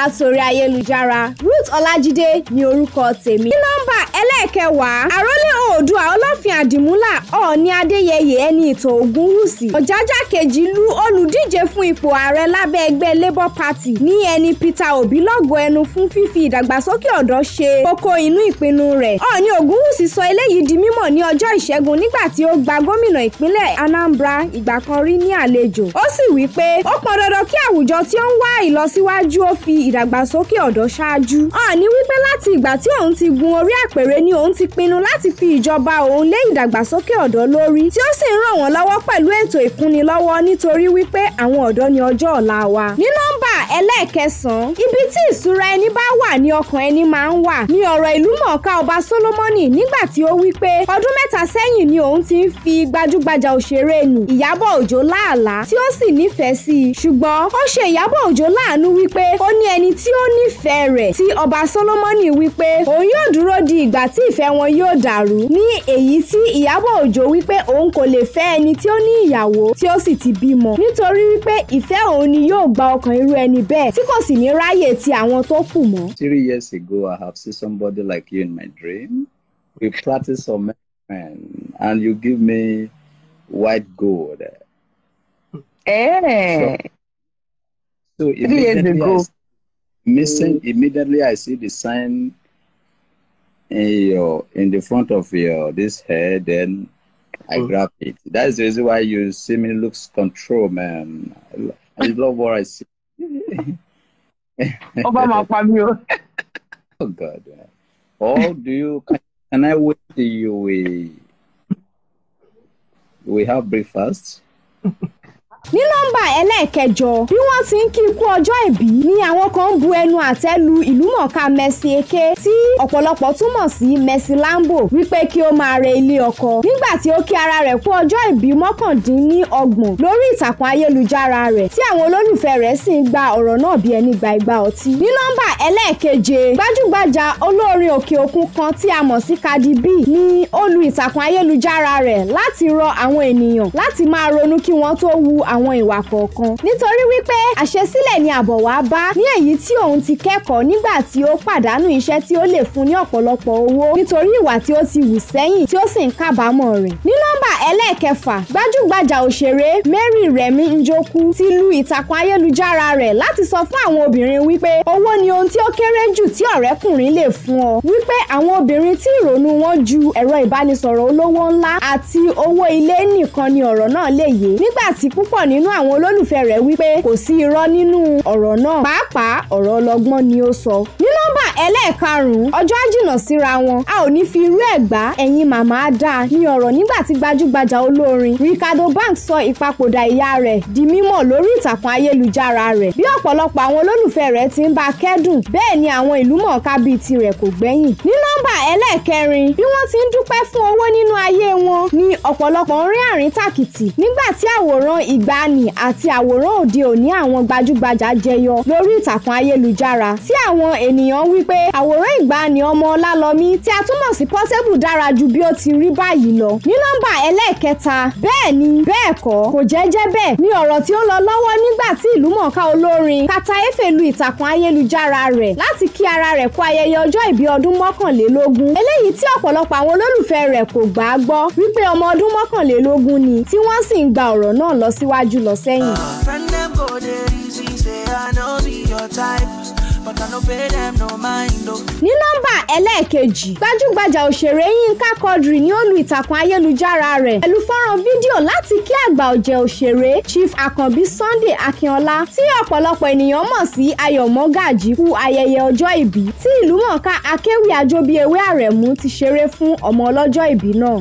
látòrí ayélujára Ruth Ọlájídé ní orúkọ tèmi ní nọ́mbà ẹlẹ́ẹ̀kẹwàá àrólé oòdùà ọlọ́fin àdìmúlà ọ̀ọ́ni adéyẹyẹ ẹni ìtàn ògúnwùsì ọ̀jájá kejì lu olùdíje fún ipò ààrẹ lábẹ́ ẹgbẹ́ labour party ní ẹni peter obi lọ́gọ ẹnu fún fífi ìdàgbàsókè ọ̀dọ́ ṣe kókó inú ìpinnu rẹ̀ ọ̀ọ́ni ògúnwùsì sọ eléyìí di mímọ̀ ní ọjọ́ ìṣẹ́gun nígbà tí ó gba gómìnà ìpínlẹ̀ anambra ìgbà kan rí ní àlejò ó sì wí pé ó pọn dandan kí àwùjọ tí ó ń wá ìlọsíwájú ó fi ìdàgbàsókè ọ̀dọ́ ṣáájú ọ̀ọ́ni wípé láti ìgbà tí òun ti gun orí àpèrè ni òun ti pinnu láti fi ìjọba òun lé ìdàgbàsókè ọ̀dọ́ lórí tí ó sì ń ràn wọ́n lọ́wọ́ pẹ̀lú ètò ìkúnnilọ́wọ́ nítorí wípé àwọn ọ̀dọ́ ni ọjọ́ ọ̀la wa. nínú ẹlẹ́ẹ̀kẹsàn-án ibi tí ìṣúra ẹni bá wà ní ọkàn ẹni máa ń wà ní ọ̀rọ̀ ìlú mọ̀ọ́ká ọba Solomoni nígbà tí ó wí pé ọdún mẹ́ta sẹ́yìn ni òun ti ń fi gbajúgbajà òṣèré nì Ìyábọ̀ Òjó láàlá tí ó sì nífẹ̀ẹ́ sí i ṣùgbọ́n ó ṣe Ìyábọ̀ Òjó láàánú wípé ó ní ẹni tí ó nífẹ̀ẹ́ rẹ̀ tí ọba Solomoni wípé òun yóò dúró di ìgbà tí ìfẹ́ wọn yóò dàrú ní èyí tí Ìyábọ̀ Òjó wípé òun kò lè fẹ́ ẹni tí ó ní ìyàwó tí ó sì ti bímọ nítorí wípé ìfẹ́ òun ni yóò gba ọkàn irú ẹni kò sì ní ráyè ti àwọn tó kù mọ́. Three years ago, I have seen somebody like you in my dream. We practice some medicine and you give me white gold. Eh? So, so Three years ago. missing, immediately I see the sign in your in the front of your this head, then I mm. grab it. That's the reason why you see me looks control, man. I love what I see ọba máa oh God Oh, do you can, can I wait till you we we have breakfast. ní nọ́mbà ẹlẹ́ẹ̀kẹjọ bí wọ́n ti ń kí ikú ọjọ́ ìbí ni àwọn kan ń bu ẹnu àtẹ́ lu ìlúmọ̀ọ́ká Mercy Eke tí ọ̀pọ̀lọpọ̀ túmọ̀ sí Mercy Lambo wípé kí ó máa re ilé ọkọ nígbà tí ó kí ara rẹ̀ kú ọjọ́ ìbí mọ́kàndínlọ́gbọ̀n lórí ìtàkùn ayélujára rẹ̀ tí àwọn olólùfẹ́ rẹ̀ sì ń gba ọ̀rọ̀ náà bí ẹni gba igba ọtí. ní nọ́mbà ẹlẹ́ẹ̀keje gbajúgbajà olórin òkè òkun kan tí a mọ̀ sí Cardi B ni ó lu ìtàkùn ayélujára rẹ̀ láti rọ àwọn ènìyàn láti máa ronú kí wọ́n tó wu àwọn ìwà kọ̀ọ̀kan nítorí wípé àṣesílẹ̀ ni àbọ̀ wá bá ní èyí tí òun ti kẹ́kọ̀ọ́ nígbà tí ó pàdánù iṣẹ́ tí ó lè fún ní ọ̀pọ̀lọpọ̀ owó nítorí ìwà tí ó ti wù sẹ́yìn tí ó sì ń kábàámọ̀ rẹ̀ ní nọ́mbà ẹlẹ́ẹ̀kẹfà gbajúgbajà òṣèré Mary Remi Njoku ti lu ìtàkùn ayélujára rẹ̀ láti sọ fún àwọn obìnrin wípé owó ni ohun tí ó kéré jù tí ọ̀rẹ́kùnrin lè fún ọ wípé àwọn obìnrin tí ìrònú wọn ju ẹ̀rọ ìbánisọ̀rọ̀ olówó ńlá àti owó ilé nìkan ni ọ̀rọ̀ náà lè yé nígbà tí púpọ̀ púpọ̀ nínú àwọn olólùfẹ́ rẹ̀ wípé kò sí irọ́ nínú ọ̀rọ̀ náà pàápàá ọ̀rọ̀ ọlọgbọ́n ni ó sọ ní ẹlẹ́ẹ̀karùn-ún ọjọ́ àjìnà síra wọn a ò ní fi irú ẹ̀ gbá ẹ̀yin màmá á dáa ọ̀rọ̀ nígbà tí gbajúgbajà olórin Ricardo Banks sọ ìpapòdà ìyá rẹ̀ di mímọ̀ lórí ìtàkùn ayélujára rẹ̀ bí ọ̀pọ̀lọpọ̀ àwọn olólùfẹ́ rẹ̀ ti ń bá kẹ́dùn bẹ́ẹ̀ ni àwọn ìlú mọ̀ọ́ká bíi tirẹ̀ kò gbẹ́yìn ní nọ́mbà ẹlẹ́ẹ̀kẹrin bí wọ́n ti ń dúpẹ́ fún owó nínú ayé wọn ni ọ̀pọ̀lọpọ̀ ń rin àrín tàkìtì nígbà tí àwòrán ìgbani àti àwòrán òde òní àwọn gbajúgbajà jẹyọ lórí ìtàkùn ayélujára tí àwọn ènìyàn wíp wípé àwòrán ìgbàanì ọmọ Ọlálọ́mí tí a túmọ̀ sí Portable dára ju bí ó ti rí báyìí lọ. ní nọ́mbà ẹlẹ́ẹ̀kẹta bẹ́ẹ̀ ni bẹ́ẹ̀ kọ́ kò jẹ́jẹ́ bẹ́ẹ̀ ni ọ̀rọ̀ tí ó lọ lọ́wọ́ nígbà tí ìlúmọ̀ọ́ká olórin Kata Efe lu ìtàkùn ayélujára rẹ̀ láti kí ara rẹ̀ kú ayẹyẹ ọjọ́ ìbí ọdún mọ́kànlélógún eléyìí tí ọ̀pọ̀lọpọ̀ àwọn olólùfẹ́ rẹ̀ kò gbà á gbọ́ wípé ọmọ ọdún mọ́kànlélógún ni tí wọ́n sì ń gba ọ̀rọ̀ náà lọ síwájú lọ Oh. ní nọ́mbà ẹlẹ́ẹ̀kejì gbajúgbajà òṣèré Yínká Quadri ni ó lu ìtàkùn ayélujára rẹ̀ pẹ̀lú fọ́nrán fídíò láti kí àgbà ọ̀jẹ̀ òṣèré Chief Àkànbí Sunday Akínọlá tí ọ̀pọ̀lọpọ̀ ènìyàn mọ̀ sí Ayọ̀ Mọ́gàjí kú ayẹyẹ ọjọ́ ìbí tí ìlúmọ̀ọ́ká akéwì àjọbíewé Àrẹ̀mú ti ṣeré fún ọmọ ọlọ́jọ́ ìbí náà.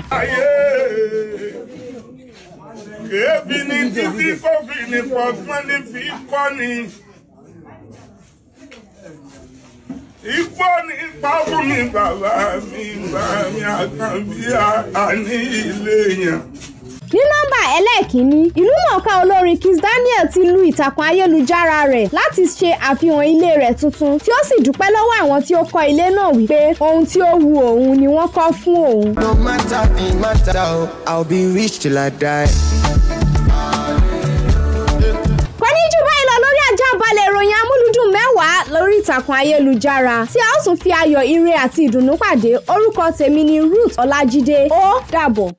èébì ni títí kófì ní Ifá nípa fún mi bàbá mi bá mi àkànbí àní ilé yẹn ní nọ́mbà ẹlẹ́ẹ̀kínní ìlúmọ̀ọ́ká olórin Kiss Daniel ti lu ìtàkùn ayélujára rẹ̀ láti ṣe àfihàn ilé rẹ̀ tuntun tí ó sì dúpẹ́ lọ́wọ́ àwọn tí ó kọ́ ilé náà wípé ohun tí ó wu òun ni wọ́n kọ́ fún òun. no matter the matter I'll be rich till I die. lórí ìtàkùn ayélujára tí a ó tún fi ayọ̀ ire àti ìdùnnú pàdé orúkọ tèmi ni Ruth Ọlájídé ó dàbọ̀.